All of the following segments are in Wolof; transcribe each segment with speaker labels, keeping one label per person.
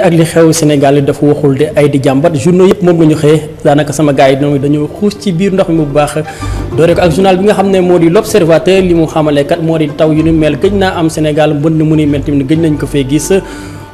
Speaker 1: ak li xew Sénégal yi dafa waxul de ay di jàmbat journaux yëpp moom la ñu xëyee daanaka sama gars yi ñoom dañoo xuus ci biir ndox mi bu baax doore ko ak journal bi nga xam ne moo di l'observateur li mu xamalekat moo di taw yu ni mel gëj naa am Sénégal mbënn mu ni mel tamit gëj nañ ko fee gis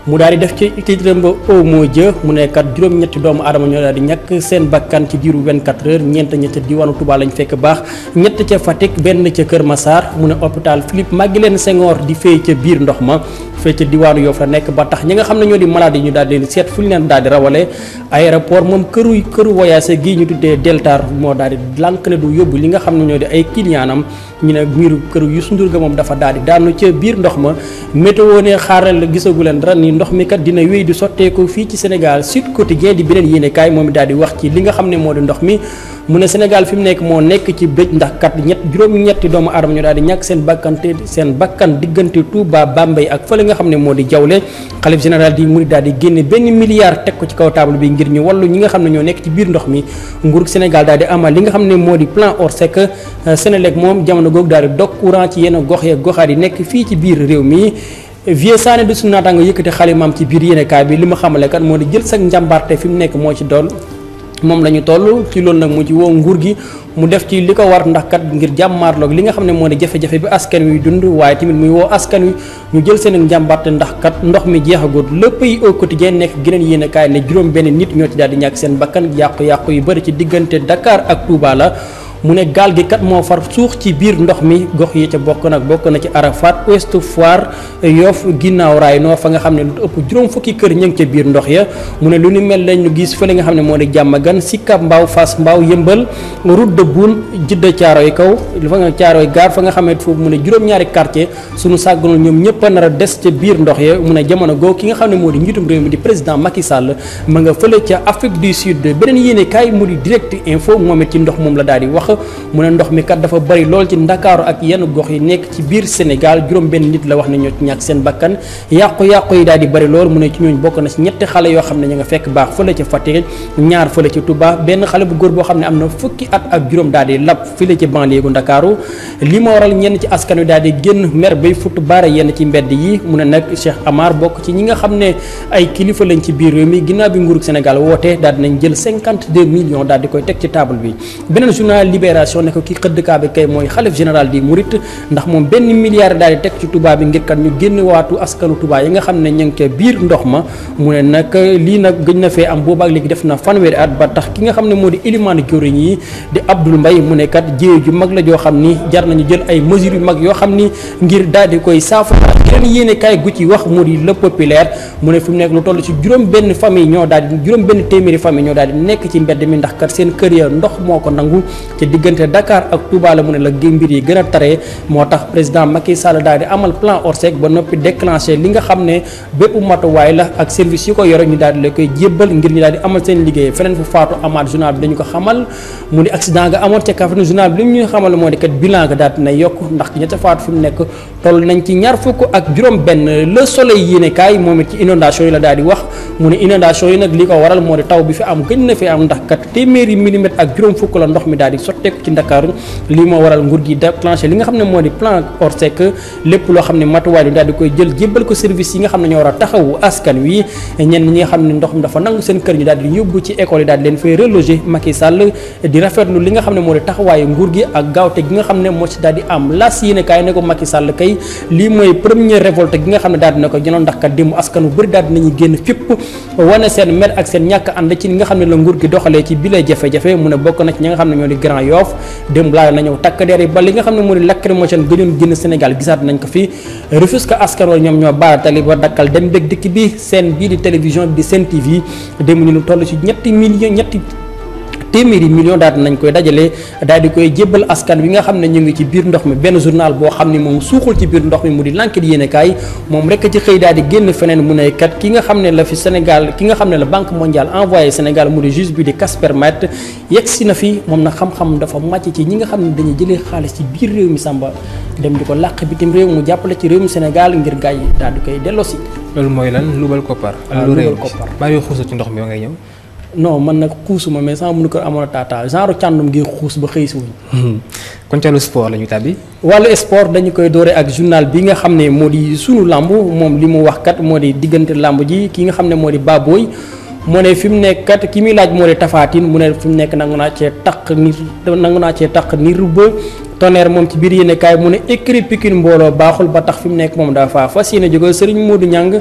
Speaker 1: mu daal di def ci titre ba au moo jë mu nekkat juróom-ñetti doomu adama ñoo daal di ñàkk seen bakkan ci diiru 24 heures ñeent ñett diwaanu Touba lañ fekk baax ñett ca Fatick benn ca Kër Massar mu ne hôpital Philippe Maguilène Senghor di fee ca biir ndox ma fay ca diwaanu Yoff la nekk ba tax ñi nga xam ne ñoo di malade yi ñu daal di seet fu ñu leen daal di rawale aéroport moom këru këru voyage gii ñu tuddee Deltar moo daal di lànk ne du yóbbu li nga xam ne ñoo di ay kiliyaanam ñu ne miiru këru Youssou Ndour ga moom dafa daal di daanu ca biir ndox ma météo ne xaaral gisagu leen dara ni ndox mi kat dina wéy di sotteeku fii ci Sénégal Sud Quotidien di beneen yéenekaay moom daal di wax ci li nga xam ne moo di ndox mi mu ne Sénégal fi mu nekk moo nekk ci bëj ndax kat ñett juróom-ñetti doomu aadama ñu daal di ñàkk seen bakkante seen bakkan diggante Touba Bambey ak fële nga xam ne moo di jawle xalif général di murid daal di génne benn milliard teg ko ci kaw bi ngir ñu wallu ñi nga xam ne ñoo nekk ci biir ndox mi nguurug Sénégal daal di amal li nga xam ne moo di plan Orsec Sénélec moom jamono googu daal di dog courant ci yenn gox ya goxaat yi nekk fii ci biir réew mi Vieux Sané du suñu naataango yëkkati xalimaam ci biir yéenekaay bi li ma xamale kat moo di jël sa njàmbarte fi mu nekk moo ci doon moom la ñu toll ci loolu nag mu ci woo nguur gi mu def ci li ko war ndax kat ngir jàmmaarloog li nga xam ne moo di jafe-jafe bi askan wi dund waaye tamit muy woo askan wi ñu jël seen njàmbarte ndax kat ndox mi jeexagut lépp yi au quotidien nekk geneen yéenekaay ne juróom benn nit ñoo ci daal di ñàkk seen bakkan yàqu-yàqu yi bëri ci diggante Dakar ak Touba mu ne gaal gi kat moo far suux ci biir ndox mi gox yi ca bokk nag bokk na ci Arafat Ouest Foire Yoff ginnaaw raay noo fa nga xam ne lu ëpp juróom fukki kër ña ngi ca biir ndox ya mu ne lu ni mel lañu gis fële nga xam ne moo di Jàmmagan Sicap Mbao Fass Mbao yëmbal route de Boune Jidda Caaroy kaw fa nga Caaroy gaar fa nga xam ne foofu mu juróom-ñaari quartier suñu sàgganul ñoom ñëpp a nar des ca biir ndox ya mu ne jamono googu ki nga xam ne moo di njiitum réew mi di président Macky Sall ma nga fële ca Afrique du Sud beneen yéene kaay mu di direct info moom it ci ndox moom la daal di wax Sall mu ne ndox mi kat dafa bëri lool ci ndakaaru ak yenn gox yi nekk ci biir Sénégal juróom benn nit la wax ne ñoo ci seen bakkan yàqu-yàqu yi daal di bari lool mu ne ci ñooñ bokk na si ñetti xale yoo xam ne ñu nga fekk baax fële ca Fatick ñaar fële ci Touba benn xale bu góor boo xam ne am na fukki at ak juróom daal di lab fële ci banlieue Ndakaaru li ma waral ñenn ci askan wi daal di génn mer bay futt baare yenn ci mbedd yi mu ne nag Cheikh Amar bokk ci ñi nga xam ne ay kilifa lañ ci biir réew ginnaaw bi nguurug Sénégal woote daal dinañ jël 52 millions daal di koy teg ci table bi libération ne ko ki xëdd kaabe kay mooy xalif général di murit ndax moom benn milliard daal di teg ci Touba bi ngir kat ñu génn waatu askanu Touba yi nga xam ne ñu ngi ca biir ndox ma mu ne nag lii nag gëj na fee am boobaak léegi def na fanweeri at ba ki nga xam ne moo di ilimaanu joriñ yi di Abdoul Mbaye mu ne kat jéew ju mag la joo xam ni jar nañu jël ay mesures yu mag yoo xam ni ngir daal di koy saafara keneen yéene kaay gu ci wax moo di le populaire mu ne fi mu nekk lu toll ci juróom benn famille ñoo daal juróom benn téeméeri famille ñoo daal di nekk ci mbedd mi ndax kat seen kër ya ndox moo ko nangu ci ci diggante Dakar ak Touba la mu ne la mbir yi gën a taree moo tax président Macky Sall di amal plan Orsec ba noppi déclenché li nga xam ne bépp matuwaay la ak service yi ko yore ñu daal di la koy jébbal ngir ñu bi dañu ko xamal mu di accident nga amoon ca Kaffrine journal bi li ñu xamal moo di kat bilan nga daal dina yokk ndax ña ca faatu fi nekk toll nañ ci ñaar fukk ak juróom benn le soleil yéene kaay moom ci inondation yi la daal di wax mu ne inondation yi nag li ko waral moo di taw bi fi teg ci Ndakaaru lii moo waral nguur gi déclenché li nga xam ne moo di plan Orsec lépp loo xam ne matuwaay lu daal di koy jël jébbal ko service yi nga xam ne ñoo war a taxawu askan wi ñenn ñi nga xam ne ndox di yóbbu ci li nga xam ne moo di taxawaayu nguur gi ak gaawte gi nga xam ne moo ci daal am las yéene kaay ne ko Macky Sall kay lii mooy première révolte gi nga xam ne daal dina ko jëloon ndax kat démb askan wu bëri daal dinañu génn fépp wane seen mer ak seen ñàkk ànd ci nga xam ne la nguur gi doxalee Yoff démb laale na ñëw takk der yi ba li nga xam ne moo di lacrymogène gëjoon génn Sénégal gisaat nañ ko fi Rufisque askan wa ñoom ñoo baara tali ba dakkal dem beeg dikk bi seen bii di télévision bi di Sen TV dem ñu lu toll ci ñetti millions ñetti téeméeri million daal di nañ koy dajale daal di koy jébbal askan wi nga xam ne ñu ngi ci biir ndox mi benn journal boo xam ni moom suuxul ci biir ndox mi mu di lanket yéenekaay moom rek ci xëy daal di génn feneen mu ne kat ki nga xam ne la fi Sénégal ki nga xam ne la banque mondiale envoyé Sénégal mu di juge bi di Casper Matt yegg si na fi moom na xam-xam dafa màcc ci ñi nga xam ne dañuy jëlee xaalis ci biir réew mi sàmba dem di ko làq bitim réew mu jàppale ci réew mi Sénégal ngir gars yi daal di koy delloosi loolu mooy lan lubal koppar. lubal koppar bàyyi xuusa ci ndox mi ngay ñëw non man nag xuusuma mais sama munu ko amoon a taataaw genre càndum gi xuus ba xëy si wuñ. Hmm. kon ci wàllu sport la ñu tàbbi. wàllu sport dañu koy doore ak journal bi nga xam ne moo di sunu làmb moom li mu wax kat moo di diggante làmb ji ki nga xam ne moo di Baboy. mu ne fi mu nekk kat ki muy laaj moo di tafaatin mu ne fi mu nekk nangu naa cee taq nir nangu naa cee taq nir ba tonnerre moom ci biir yéene kaay mu ne écrit Pikine mbooloo baaxul ba tax fi mu nekk moom dafa fas yéene jóge sëriñ Modou Niang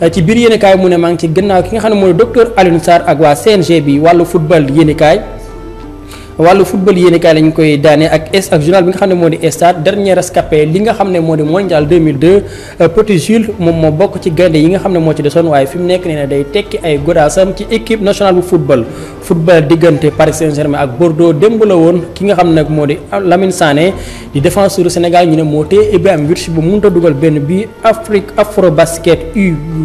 Speaker 1: eh, ci biir yéene kaay mu ne maa ngi ci gannaaw ki nga xam ne mooy docteur Alioune Sarr ak waa CNG bi wàllu football yéene kaay wàllu football yéen i kaay lañ koy daanee ak es ak journal bi nga xam ne moo di stade dernier rescapé li nga xam ne moo di mondial 2002 euh, Petit Jules moom moo bokk ci gaynde yi nga xam ne moo ci desoon waaye fi mu nekk nee na day tekki ay godaasam ci équipe nationale bu football football diggante Paris saint ak Bordeaux démb la woon ki nga xam nag moo di Lamine Sané di défenseur du Sénégal ñu ne moo téye Ibrahimovic bu mënut a dugal benn bi Afrique Afro Basket U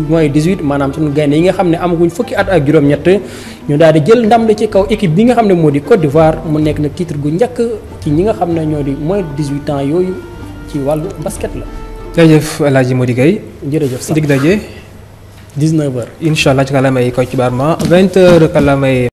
Speaker 1: moins 18 maanaam suñu gaynde yi nga xam ne amaguñ fukki at ak juróom-ñett ñu daal di jël ndam li ci kaw équipe bi nga xam ne moo di Côte d'Ivoire mu nekk nag titre gu njëkk ci ñi nga xam ne ñoo di moins 18 ans yooyu ci wàllu basket la. jërëjëf El Hadj Mody Gueye. jërëjëf sax dig daje. 19h. incha allah ci kàllaamay